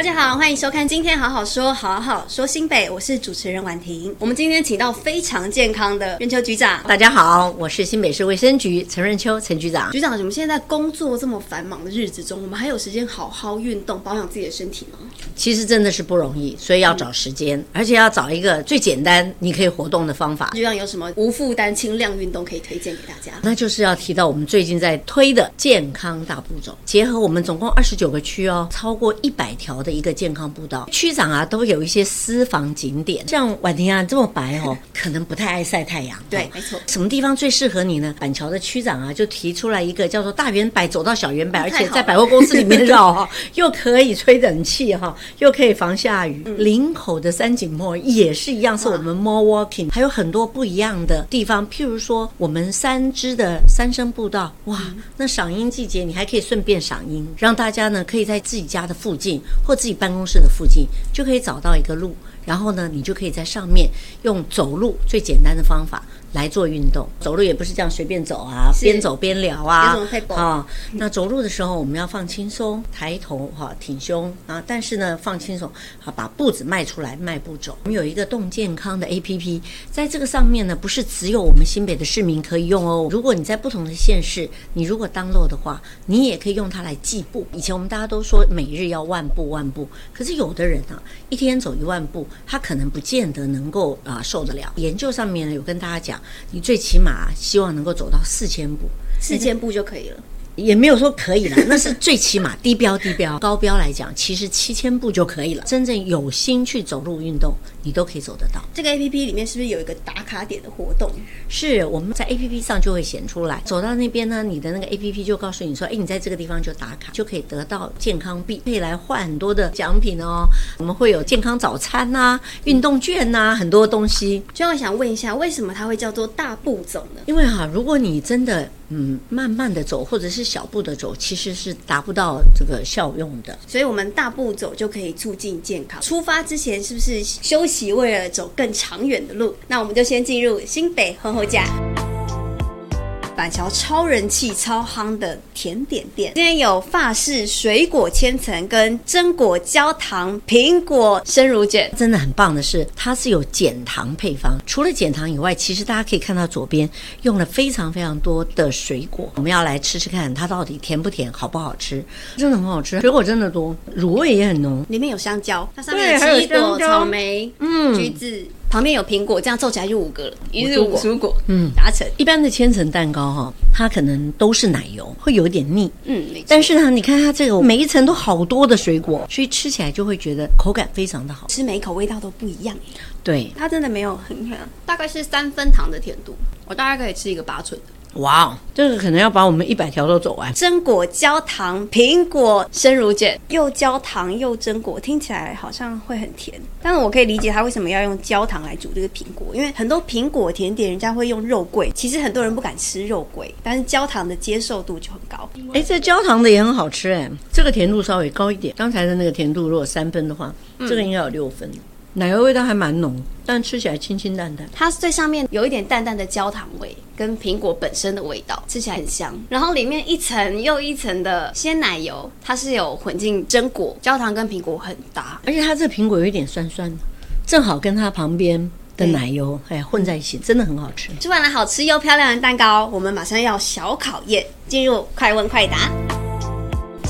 大家好，歡迎收看《今天好好說》，好好，好說新北，我是主持人婉婷。我們今天請到非常健康的潤秋局長。大家好，我是新北市衛生局陳潤秋陳局長。局長，你們現在工作這麼繁忙的日子中，我們還有時間好好運動，保養自己的身體嗎？其實真的是不容易，所以要找時間，嗯、而且要找一個最簡單你可以活動的方法。就像有什麼無負擔輕量運動可以推薦給大家？那就是要提到我們最近在推的健康大步走，嗯、結合我們總共二十九個區哦，超過一百條的一個健康步道。區長啊，都有一些私房景點，像婉婷啊這麼白哦， 可能不太愛曬太陽。對，哦、沒錯。什麼地方最適合你呢？板橋的區長啊，就提出來一個叫做大遠百，走到小遠百，哦、而且在百貨公司裡面繞哈， 又可以吹冷氣哈、哦。又可以防下雨，林口的三井 Mall 也是一樣，是我們 mall walking，哇還有很多不一樣的地方，譬如說我們三芝的三生步道，哇，嗯、那賞櫻季節你還可以順便賞櫻，讓大家呢可以在自己家的附近或自己辦公室的附近就可以找到一個路。然後呢，你就可以在上面用走路最簡單的方法來做運動。走路也不是這樣隨便走啊，是邊走邊聊啊。走啊，嗯、那走路的時候我們要放輕鬆，抬頭哈，挺胸啊。但是呢，放輕鬆好，把步子邁出來，邁步走。我們有一個動健康的 APP，在這個上面呢，不是只有我們新北的市民可以用哦。如果你在不同的縣市，你如果 download 的話，你也可以用它來計步。以前我們大家都說每日要萬步萬步，可是有的人啊，一天走一萬步。他可能不見得能夠啊、呃、受得了。研究上面呢，有跟大家講，你最起碼希望能夠走到四千步，四千步就可以了，也沒有說可以了。 那是最起碼低標，低標，低標 高標來講，其實七千步就可以了。真正有心去走路運動。你都可以走得到。這個 APP 裡面是不是有一個打卡點的活動？是我們在 APP 上就會顯出來，走到那邊呢，你的那個 APP 就告訴你說，哎，你在這個地方就打卡，就可以得到健康幣，可以來換很多的獎品哦。我們會有健康早餐吶、啊、運動券吶、啊，嗯、很多東西。所以我想問一下，為什麼它會叫做大步走呢？因為哈、啊，如果你真的嗯慢慢的走，或者是小步的走，其實是達不到這個效用的。所以我們大步走就可以促進健康。出發之前是不是休息？為了走更長遠的路，那我們就先進入新北厚厚呷。板橋超人氣、超夯的甜點店，今天有法式水果千層跟榛果焦糖蘋果生乳卷，真的很棒的是，它是有減糖配方。除了減糖以外，其實大家可以看到左邊用了非常非常多的水果。我們要來吃吃看，它到底甜不甜，好不好吃？真的很好吃，水果真的多，乳味也很濃，裡面有香蕉，它上面有香對果蕉、草莓、嗯，橘子。旁邊有蘋果，這樣湊起來就五個了，一日五蔬果，嗯，達成。一般的千層蛋糕哈、哦，它可能都是奶油，會有點膩，嗯，沒錯。但是呢，你看它這個每一層都好多的水果，所以吃起來就會覺得口感非常的好，吃每一口味道都不一樣。對，它真的沒有很甜，大概是三分糖的甜度，我大概可以吃一個八寸的。哇哦，wow, 這個可能要把我們一百條都走完。榛果焦糖蘋果生乳捲，又焦糖又榛果，聽起來好像會很甜。但是我可以理解它為什麼要用焦糖來煮這個蘋果，因為很多蘋果甜點人家會用肉桂，其實很多人不敢吃肉桂，但是焦糖的接受度就很高。哎、欸，這焦糖的也很好吃，哎、欸，這個甜度稍微高一點。剛才的那個甜度如果三分的話，嗯、這個應該有六分。奶油味道還蠻濃，但吃起來清清淡淡。它最上面有一點淡淡的焦糖味，跟蘋果本身的味道吃起來很香。然後裡面一層又一層的鮮奶油，它是有混進榛果，焦糖跟蘋果很搭。而且它這蘋果有一點酸酸的，正好跟它旁邊的奶油哎混在一起，對真的很好吃。吃完了好吃又漂亮的蛋糕，我們馬上要小考驗，進入快問快答。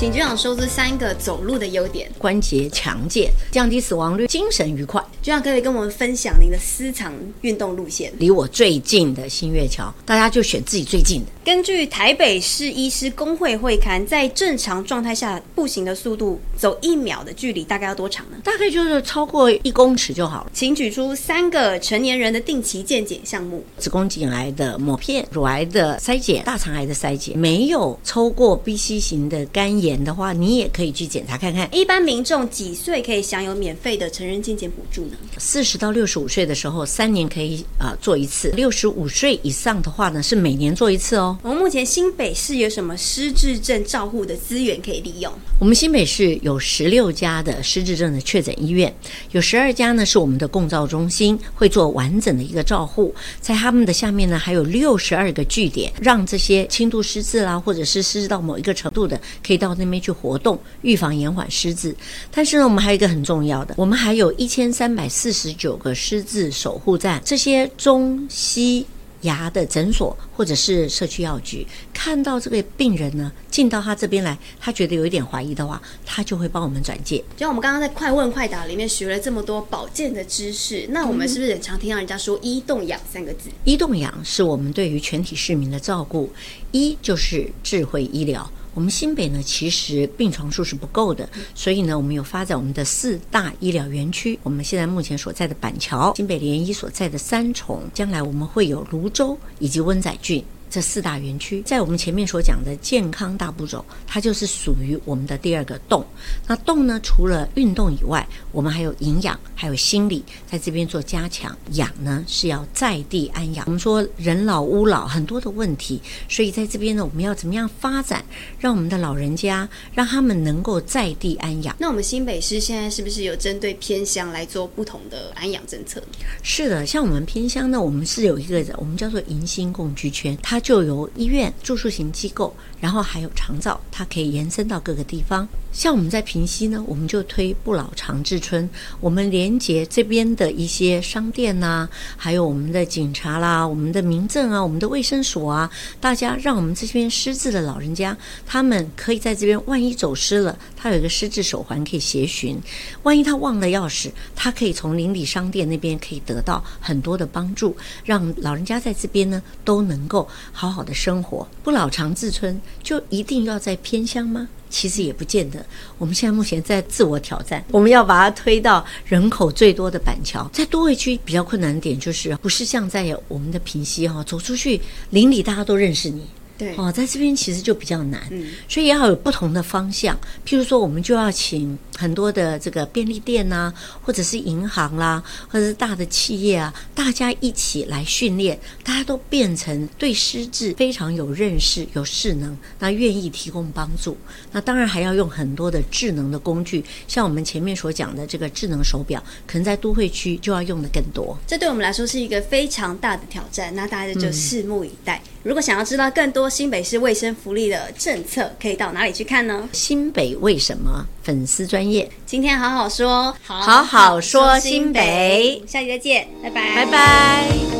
請局長說這三個走路的優點：關節強健、降低死亡率、精神愉快。局長可以跟我們分享您的私藏運動路線。離我最近的新月橋，大家就選自己最近的。根據台北市醫師公會會刊，在正常狀態下步行的速度，走一秒的距離大概要多長呢？大概就是超過一公尺就好了。請舉出三個成年人的定期健檢項目：子宮頸癌的抹片、乳癌的篩檢、大腸癌的篩檢。沒有抽過 B、C 型的肝炎，的話，你也可以去檢查看看。一般民眾幾歲可以享有免費的成人健檢補助呢？四十到六十五歲的時候，三年可以啊、呃、做一次。六十五歲以上的話呢，是每年做一次哦。我們目前新北市有什麼失智症照護的資源可以利用？我們新北市有十六家的失智症的確診醫院，有十二家呢是我們的共照中心，會做完整的一個照護。在他們的下面呢，還有六十二個據點，讓這些輕度失智啦，或者是失智到某一個程度的，可以到。那邊去活動，預防延緩失智。但是呢，我們還有一個很重要的，我們還有一千三百四十九個失智守護站，這些中西牙的診所或者是社區藥局，看到這個病人呢，進到他這邊來，他覺得有一點懷疑的話，他就會幫我們轉介。就像我們剛剛在快問快答裡面學了這麼多保健的知識，那我們是不是很常聽到人家說“醫動養”三個字？“醫、嗯、哼動養”是我們對於全體市民的照顧，一就是智慧醫療。我們新北呢，其實病床數是不夠的，嗯、所以呢，我們有發展我們的四大醫療園區。我們現在目前所在的板橋、新北聯醫所在的三重，將來我們會有蘆洲以及溫仔圳。這四大園區在我們前面所講的健康大步走，它就是屬於我們的第二個動。那動呢，除了運動以外，我們還有營養，還有心理，在這邊做加強。養呢是要在地安養。我們說人老屋老，很多的問題，所以在這邊呢，我們要怎麼樣發展，讓我們的老人家，讓他們能夠在地安養。那我們新北市現在是不是有針對偏鄉來做不同的安養政策？是的，像我們偏鄉呢，我們是有一個我們叫做“迎新共居圈”，它。就由醫院、住宿型機構，然後還有長照，它可以延伸到各個地方。像我們在平溪呢，我們就推不老長治村，我們連接這邊的一些商店吶、啊，還有我們的警察啦、我們的民政啊、我們的衛生所啊，大家讓我們這邊失智的老人家，他們可以在這邊，萬一走失了，他有一個失智手環可以協尋；萬一他忘了鑰匙，他可以從鄰里商店那邊可以得到很多的幫助，讓老人家在這邊呢都能夠。好好的生活，不老長自春就一定要在偏鄉嗎？其實也不見得。我們現在目前在自我挑戰，我們要把它推到人口最多的板橋，在多位區比較困難的點就是，不是像在我們的平溪哈，走出去鄰里大家都認識你。對哦，在這邊其實就比較難，嗯、所以也要有不同的方向。譬如說，我們就要請很多的這個便利店啊，或者是銀行啦、啊，或者是大的企業啊，大家一起來訓練，大家都變成對失智非常有認識、有勢能，那願意提供幫助。那當然還要用很多的智能的工具，像我們前面所講的這個智能手錶，可能在都會區就要用得更多。這對我們來說是一個非常大的挑戰，那大家就，就拭目以待。嗯、如果想要知道更多，新北市衛生福利的政策可以到哪裡去看呢？新北衛什麼粉絲專頁。今天好好說，好好說新北，我們下期再見，拜拜，拜拜。拜拜